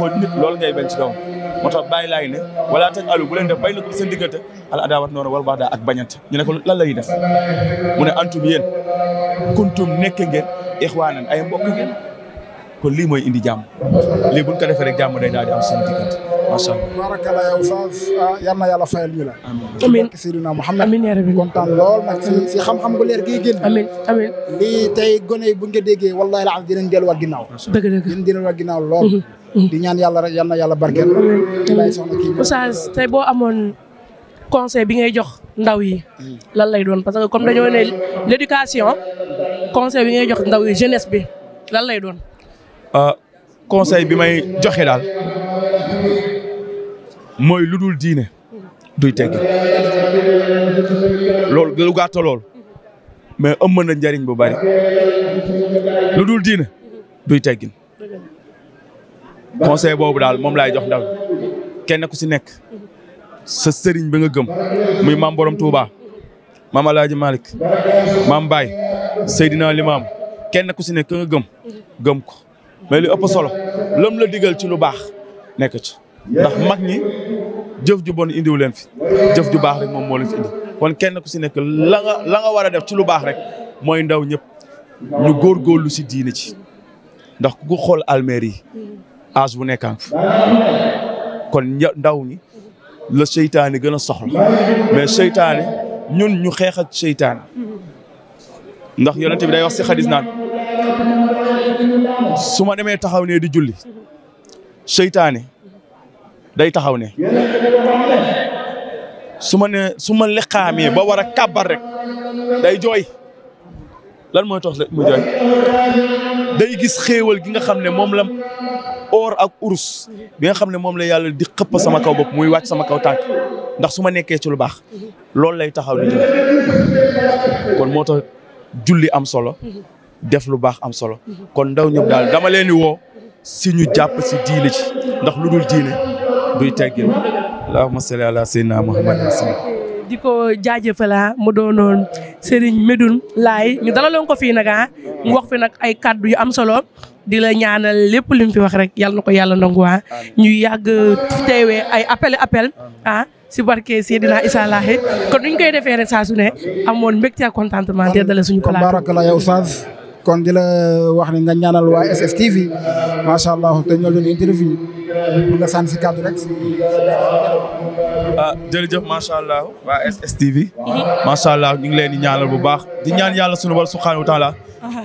kon nit loolu ngay bañ ci doom moo tax bàyyi laay ne wala taj alu bu leen def bay na ko seen diggante al adaawat noonu wal baxdaa ak bañante ñu ne ko lan lay def mu ne antum yéen kuntum nekk ngeen ixwaanan ay mbokk ngeen kon lii mooy indi jàmm lii buñ ko defee rek jàmm day daal di am seen diggante macha allah. baarakala yow Oustaz ah, yal na yàlla fayal ñu la. amiin ci Seydina Mouhamed amiin yaa rabbi kontaan lool nag si si xam-xam bu leer gi génn. amiin amiin lii tey gone yi buñ ko déggee wallaahi la am dinañ delluwaat ginnaaw. dëgg dëgg dinañ delluwaat ginnaaw lool. Mm-hmm. Mm-hmm. di ñaan yàlla rek yal na yàlla barkeel. amiin soxna kii Oustaz tey boo amoon conseil bi ngay jox ndaw yi. Mm. lan lay doon parce que comme dañoo ne l'éducation conseil bi ngay jox ndaw yi jeunesse bi lan lay doon Euh, conseil bi may joxe daal mooy lu dul diine duy teggi loolu lu gàtta lool mais ëmb na njariñ bu bari lu dul diine duy tegin conseil boobu daal moom laay jox ndaw kenn ku si nekk sa sëriñ bi nga gëm muy maam borom Touba maam Alaaji Malick maam Baay Seydina Limaam kenn ku si nekk nga gëm gëm ko mais li ëpp solo lëm la digal ci lu baax nekk ci ndax mag ñi jëf ju bon indiwu leen fi jëf ju baax rek moom moo leen fi indi kon kenn ku si nekk la nga la nga war a def ci lu baax rek mooy ndaw ñëpp ñu góor góorgóorlu si diine ci ndax ku xool almeeri yi âge bu nekkaan kon ndaw ñi la seytaane gën a soxla mais seytaane ñun ñu xeex ak seytaane ndax yonent bi day wax si xadis naan su ma demee taxaw ne di julli seytaane day taxaw ne su ma ne su ma leqaamee ba war a kàbbar rek day jooy lan mooy tax mu jooy day gis xéewal gi nga xam ne moom la or ak urus bi nga xam ne moom la yàlla di xëpp sama kaw bopp muy wàcc sama kaw tànk ndax su ma nekkee ci lu baax loolu lay taxaw ne kon moo tax julli am solo def lu baax am solo kon ndaw ñëpp daal dama leen di woo si ñu jàpp si diine ci ndax lu dul diine duy teggil allahumma salli ala sayyidina muhammad di ko jaajëfala ah, mu doonoon Serigne Medoune Laye ñu dalaloon ko fii nag ah mu wax fi nag ay kàddu yu am solo di la ñaanal lépp li mu fi wax rek yàlla na ko yàlla nangu waa ah. ñu yàgg teewee ay appel appel ah si barke Seydina Issa Laye kon nuñ koy defee rek saa su ne amoon mbégte ak contentement te dale suñu ko laaj. kon di la wax ne nga ñaanal waa SSTV macha ñoo doon interview nga sànni si kàddu rek. ah jërëjëf macha allah waa SSTV. macha allah ñu ngi leen di ñaanal bu baax di ñaan yàlla sunu borom subhanahu wa taala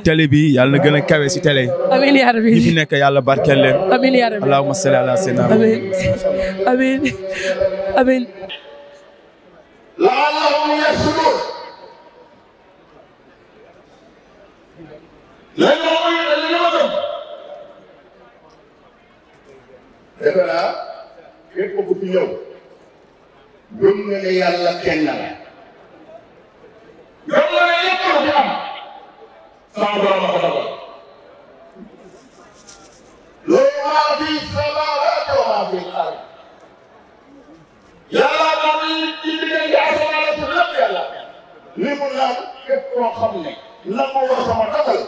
télé bi yàlla na gën a kawe si télé yi. amiin fi nekk yàlla barkeel leen. amiin yaa rabbi allahumma léegi nag mooy yéen dañuy yëngu dem. defe naa képp ku ci ñëw gëm nga ne yàlla kenn la. gëm nga ne lépp lu ci am. sama borom a ko dogal. loolu maa fi samaawaati wa maa fi al-ard. yàlla maa ngi ci diggante asamaan ak lépp yàlla. li mu naan képp koo xam ne. nangu war sama dogal.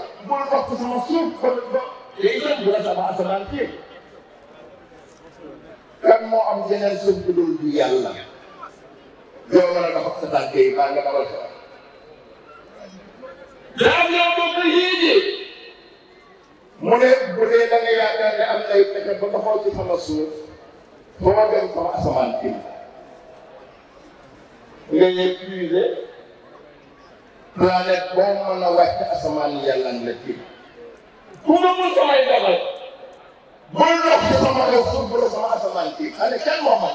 bi rek ama asamaan ci kan moo am geneen suuf bu dul du yàlla yow war a dafa sa tànk yi maa nga dawal sa daam yow bokk yii ji mu ne bu dee da nga yaakaar ne am nay pexe ba nga xool ci sama suuf ba ma dem sama asamaan ci nga épuisé planète boo mën a wàcc asamaan yàlla la ci ku ma mun samay defal bul dox sama réew bul sama asamaan fii xale kenn wax ma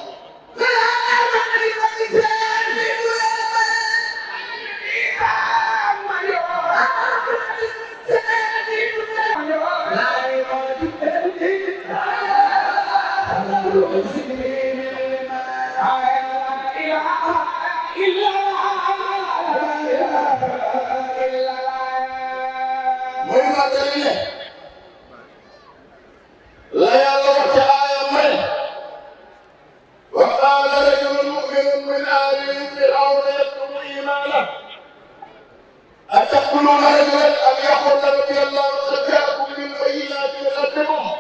أتقتلون رجلا أن يخرج رضي الله خدعكم من بينات يقدمه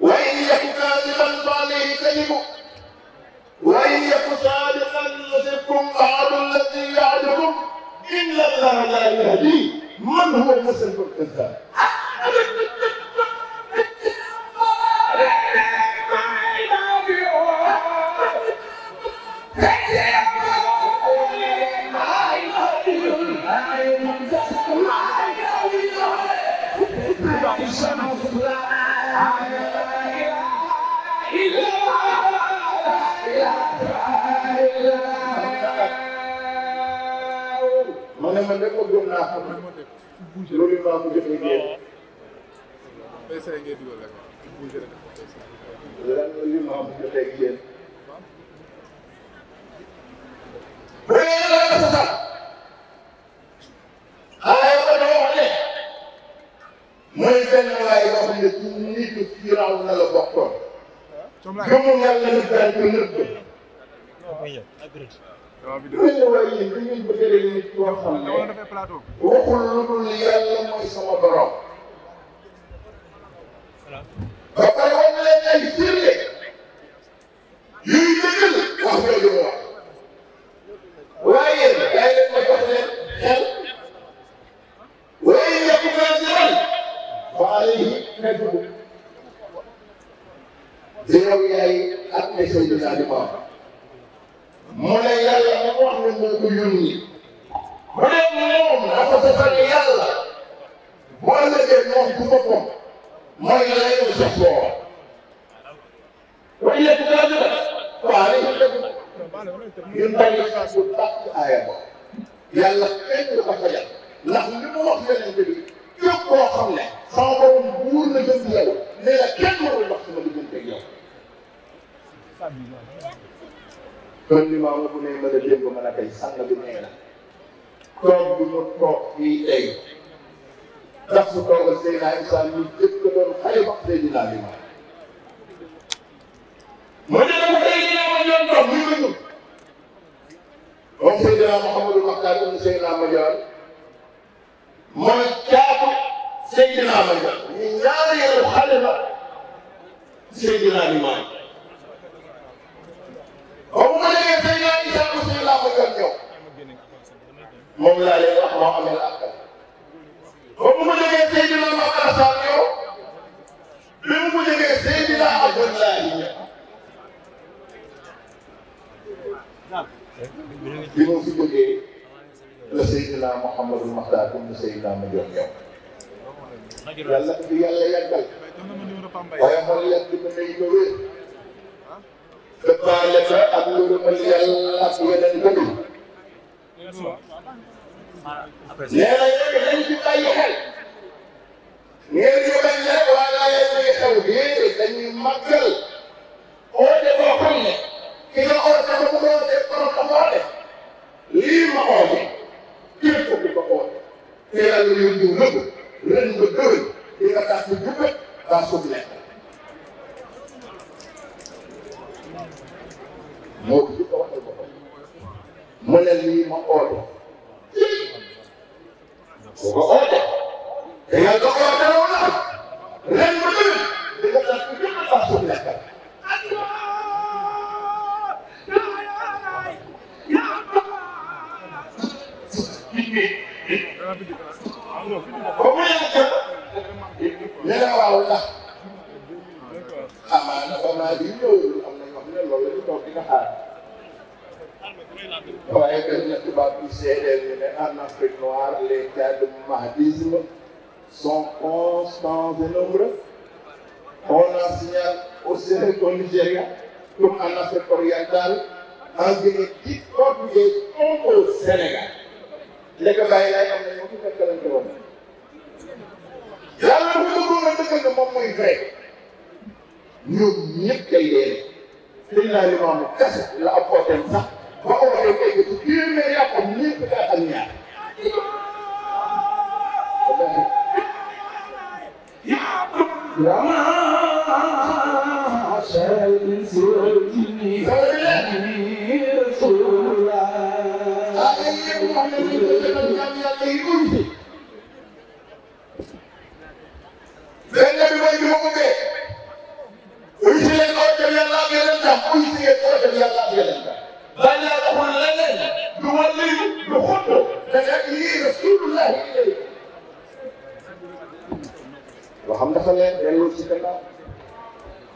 وإن يك كاذبا فعليه كذبه وإن يك صادقا يصبكم بعض الذي يعدكم إن الله لا يهدي من هو المسلم الكذاب gëm naa xam loolu maa ko jëfee ngeen. lan li maa ko jëfee ngeen. mooy benn waay yoo xam ne ci nit ku ci raw na la bokkoon. gëmul yàlla ñu daal ko nëbb. waaye waaye bi ñuy bëggale nit koo xam ne waxul lu dul yàlla mooy sama borom. ba pare wan leen ay firnde yuy dëggal wax jooju wax waaye yaay leen ma jox leen xel waaye yàqu naa jaral fa alayhi najubu. Déew yaay ak ne Seydina Limaamu moo ko yónni bu dee moom dafa safale yàlla bu ëllëgee moom du sa boor waaye yëpp dara dara waaye yëpp ñun bàyyi naa ko baax ci aaya ba yàlla kenn du wax yonent waaw bu ne ma la démb mën a tey sànq bi nee na toog bi mu toog fii tey ndax su toogal Seydina Isa ñu jëkk doon xale wax Seydina bi ma mu ne la Seydina ma ñoon toog muy ma ñun moom Seydina Mouhamadou Makhtar ibn Seydina Madior mooy caatu Seydina Madior ñu ñaari xale la Seydina bi ma ba mu ma déggee sëñ naa Issa aussi laa bëggoon ñëw moom laa leen wax moo amee la ba mu ma déggee Seydina Mame Alassane ñëw bi mu ma déggee Seydina Abdoulaye ñëw bi mu fi jógee la Seydina Mouhamadou Makhtar comme Seydina ma jox ñëw yàlla yàlla yàggal waaye xool yàgg na yi ba wér dëppaale fa ak ngërëmal yàlla ak yeneen bëgg nee na yooyu dañ ci bàyyi xel ngeen di bañ rek waa laayeen bi xew déedé dañuy màggal oote boo ki nga oote ba mu oote borom dafa oote lii ma oote képp ko ko oote te moo ko jëkk a waxal boppam mu ne lii ma oote ko ko oote Nigeria, comme en Afrique orientale, en Guinée, dix portugais ont au Sénégal. nekk bàyyi laay am na ñoo fi fekkalante woon. yàlla bu dëggoon a dëggal ne moom mooy vrai ñoom ñëpp kay yéene. sëñ naa li maamu kese la apporté sax ba aw ay kay gëstu téeméeri ak am ñeent fukki ak ñaar. waaw. xam nga dafa leen delloo ci gannaaw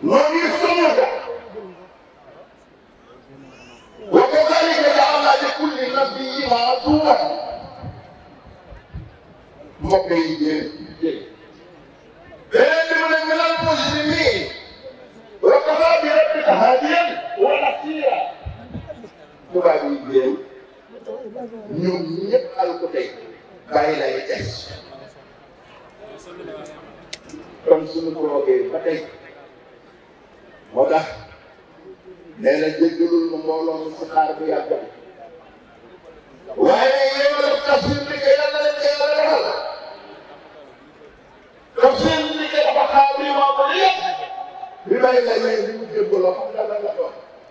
noonu yëpp soññu ko wa kazalika ja'alna li kulli nabiyyin aduwwan mbokk yi dee beneen bi mu ne minal muslimin wa kafaa bi rabbika hadiyan wa nasira tubaab yi dee ñoom ñëpp alku tey bàyyi lay des kon suñu ko roogee ba tey moo tax nee na jéggalul ma mbooloo mi si xaar bu yàgg waaye yow la tafsir bi que yàlla leen ko yàlla defal tafsir bi que dafa xaar bi maa ko li yëpp bi may la yee li mu jéggaloo xam nga lan la ko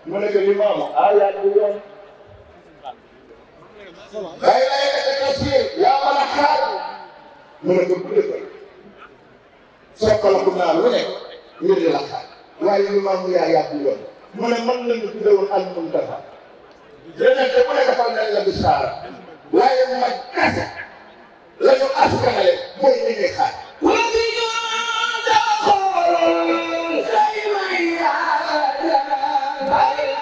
mu ne ko li maam ah yaa ngi yoon bay lay nekk tafsir yaa mën a xaar mu ne ko bu dëggal soppalaku naa lu nekk ngir di la xaar waaye lu maamu yaa yàgg yoon mu ne man lañu tudde woon al muntaha yeneen te mu ne defal nañ la bisaara waaye man kese la ñu askanale mooy li ñuy xaar Hallelujah.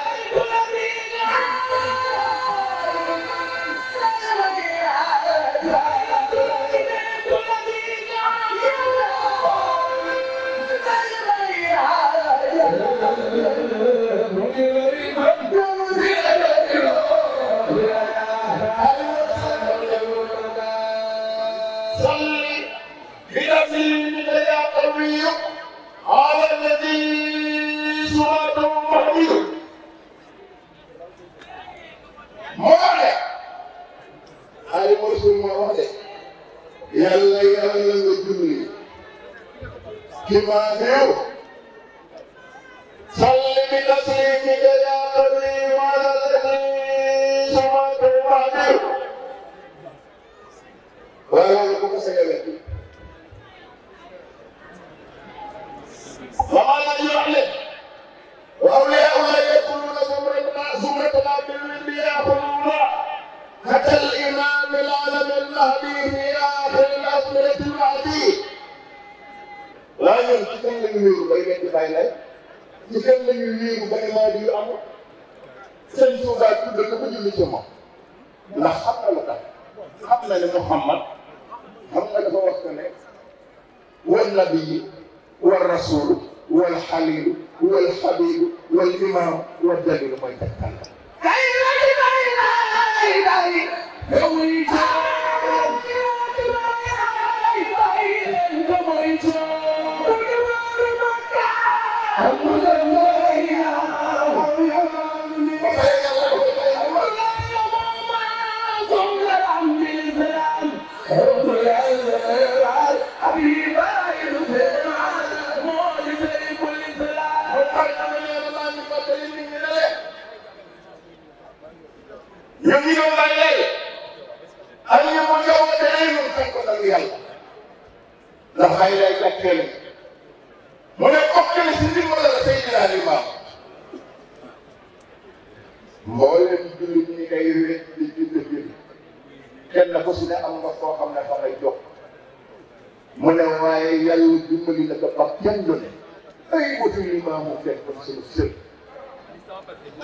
sama sër.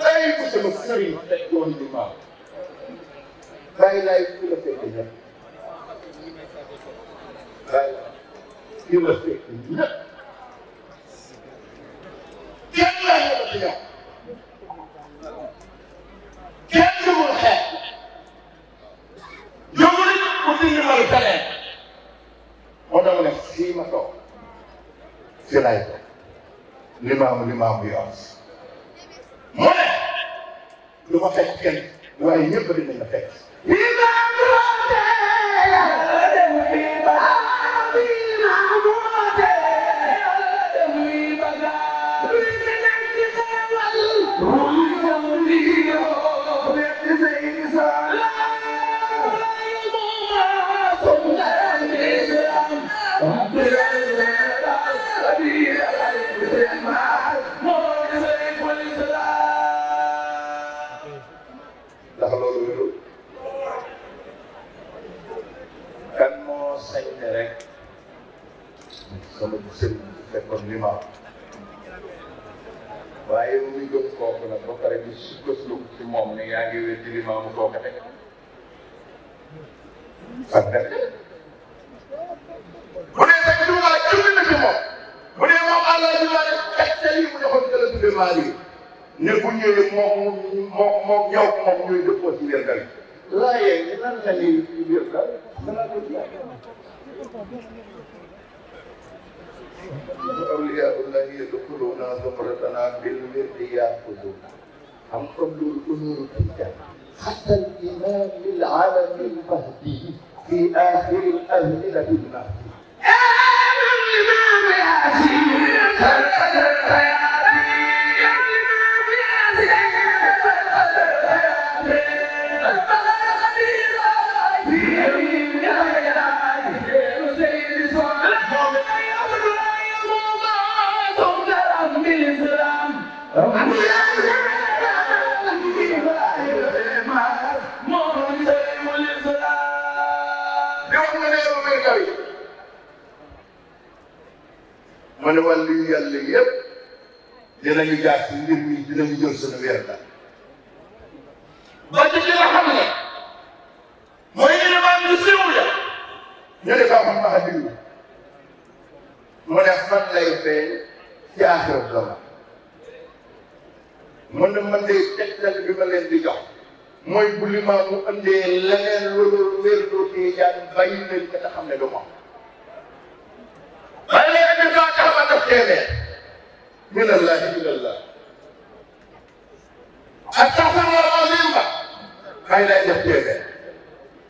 ay ko sama sëriñ ndax loolu wérul kan moo sañ ne rek sama sëñ bi fekkoon li ma waaye yow mi gëm kooku nag ba pare bi sukkandiku ci moom ne yaa ngi wér di li maamu kooku teg ak def bu dee sañ duumaa julli na ci moom bu dee moom àll bi ma ne teg ca lii mu joxoon jële su ne bu ñëwee moom moom moom ñëw moom ñooy dëppoo ci biir gàll. laa yee nan la ñuy ci biir gàll أولياء الله يدخلون زمرتنا بالورد يأخذون am حلوا الأمور تلك حتى الإمام العالم المهدي في آخر الأزمنة المهدي. آمن الإمام ياسين ma ne wàllu yu yàlla yëpp dinañu jaar ci mbir mi dinañu jël sunu weer daal. ba ci li nga xam ne mooy élément bi siiw la ñu ne kaa xam maa diw mu ne fan lay feeñ ci aaxir dama mun na mën de tegtal bi ma leen di jox mooy bu limaamu andee leneen loolu wér doo ci jaan bàyyi leen ka te xam ne du moom yàlla def teelee min allahi ilallah ak taxan wal azim ba bàyyi lay def teelee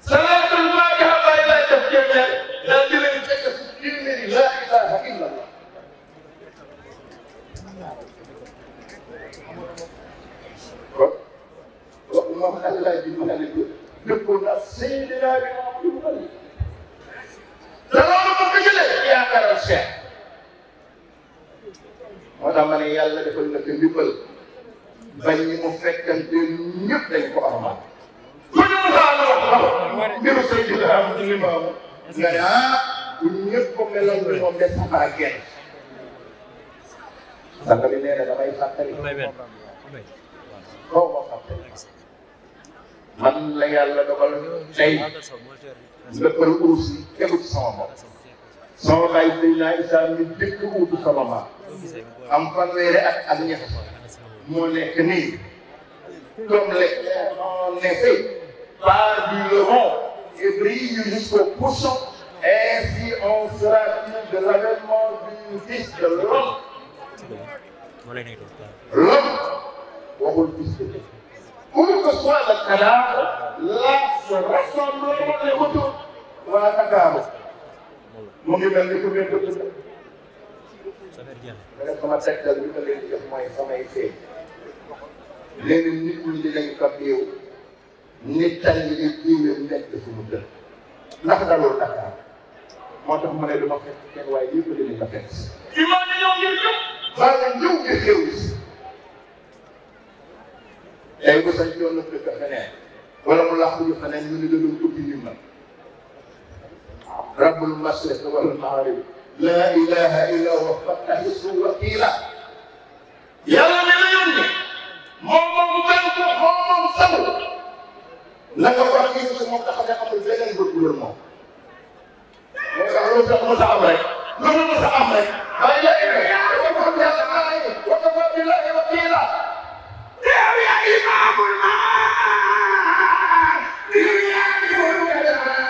salaatul faatiha bàyyi lay def teelee daal di leen fekk si téeméeri la ilaha illallah kon wax moom alaaji mu xale bi dëppoo na seydinaa bi moom li mu xale da loolu bokk ci le yaakaaral cheikh moo tax ma ne yàlla defal na ko ndimbal bañ ñi mu fekkante ñëpp dañ ko armal ku ñu saana wax wax mbiru sëñ bi la am ci limaam nga ne ah ñëpp ko meloon bi moom des na kenn sànq bi nee na damay fàttali kaw ma fàttali man la yàlla dogal tey ndëppal uus yi tegu ci sama bopp sama bàyyi dañ naa isaa mi dëkk uutu sama maam am fanweeri ak ak ñett nekk comme les en effet par du vent et brille jusqu'au pousson, ainsi on sera de l'avènement du fils de l'homme l'homme waxul fils de l'homme où que soit le cadavre là se rassembleront les moutons waa Dakar mu ngi beneen sama tegtal bi ma leen jox mooy samay fee nit ñi nit nekk fu mu dëkk ndax dalul moo tax ma ne du ma fekk kenn waaye yëpp dinañ ko fekk imaam yi ñëw ngir ñëw baa nga ñëw ngir xew si tey bu sañ yoon na dëkk feneen wala mu làqu ñu feneen ñu ne da doon ubbi ndimbal rabbul masjid wala maarib لا إله إلا وفقك حسن وكيلة يلا من يوم مو مو بنت مو مو سو نكو رئيس المنتخب يقف الزين بقول مو مو سعر مو سعر مو سعر مو سعر مو سعر مو سعر يا إمام الناس يا إمام الناس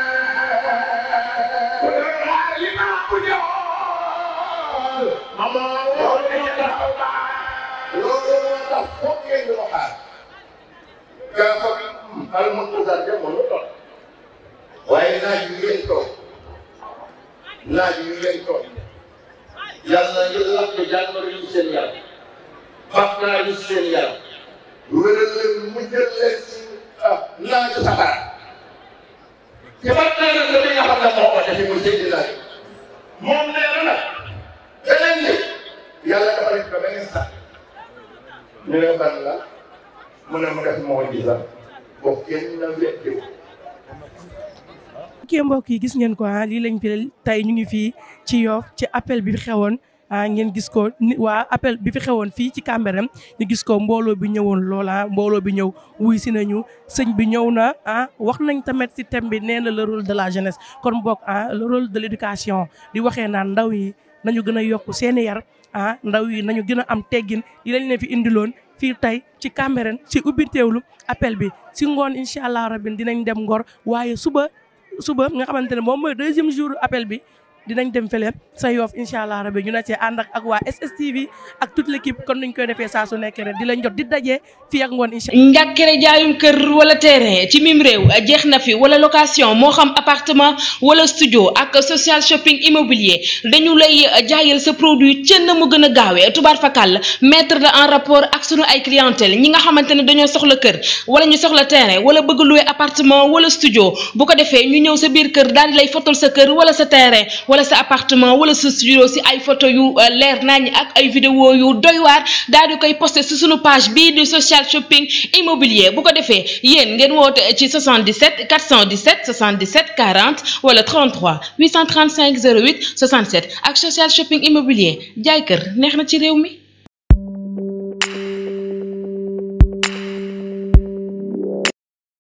gaa xam al muntasar jamono toog waaye naaj yu leen toog naaj yu leen toog yàlla yu lakk jàngoro yu seen yaram bakkaar yu seen yaram wéral leen mujjal leen si ah, naaj saxaar ci bakkaar la li nga xam ne moo ko defi muy seen laaj moom nee na nag beneen bi yàlla dafa nekk beneen sax ñu ne ban la mën a def mbokk yi gis ngeen ko ah lii lañ fi tey ñu ngi fii ci Yoff ci appel bi xewoon ah ngeen gis ko waa appel bi fi xewoon fii ci Cambérène ñu gis ko mbooloo bi ñëwoon loola mbooloo bi ñëw wuy si nañu sëñ bi ñëw na ah wax nañ tamit si thème bi nee na le rôle de la jeunesse kon mbokk ah le rôle de l'éducation di waxee naa ndaw yi nañu gën a yokk seeni yar ah ndaw yi nañu gën a am teggin yi lañ leen fi indiloon fii tey ci Cambérène ci ubbiteewlu appel bi si ngoon incha allah rabin dinañ dem Ngor waaye suba suba nga xamante ne moom mooy deuxième jour appel bi dinañ dem fële sa yoof incha allah rabi ñu na cee ànd ak ak waa SSTV ak toute l'équipe kon nañ koy defee saa su nekkee rek di lañ jot di dajee fii ak ngoon incha allah. njàkkere jaayum kër wala terrain ci mim réew jeex na fi wala location moo xam appartement wala studio ak social shopping immobilier dañu lay jaayal sa produit cën na mu gën a gaawee tubaar fakal mettre la en rapport ak sunu ay clientel ñi nga xamante ne dañoo soxla kër wala ñu soxla terrain wala bëgg louer appartement wala studio bu ko defee ñu ñëw sa biir kër daal lay fotol sa kër wala sa terrain. wala sa appartement wala sa studio si ay photo yu euh, l'air nañ ak ay vidéo yu doy voir dal que poster posté sous sunu page bi de social shopping immobilier bu ko defee yen ngeen wote ci 77 417 77 40 wala 33 835 08 67 ak social shopping immobilier jay keur neex ci rewmi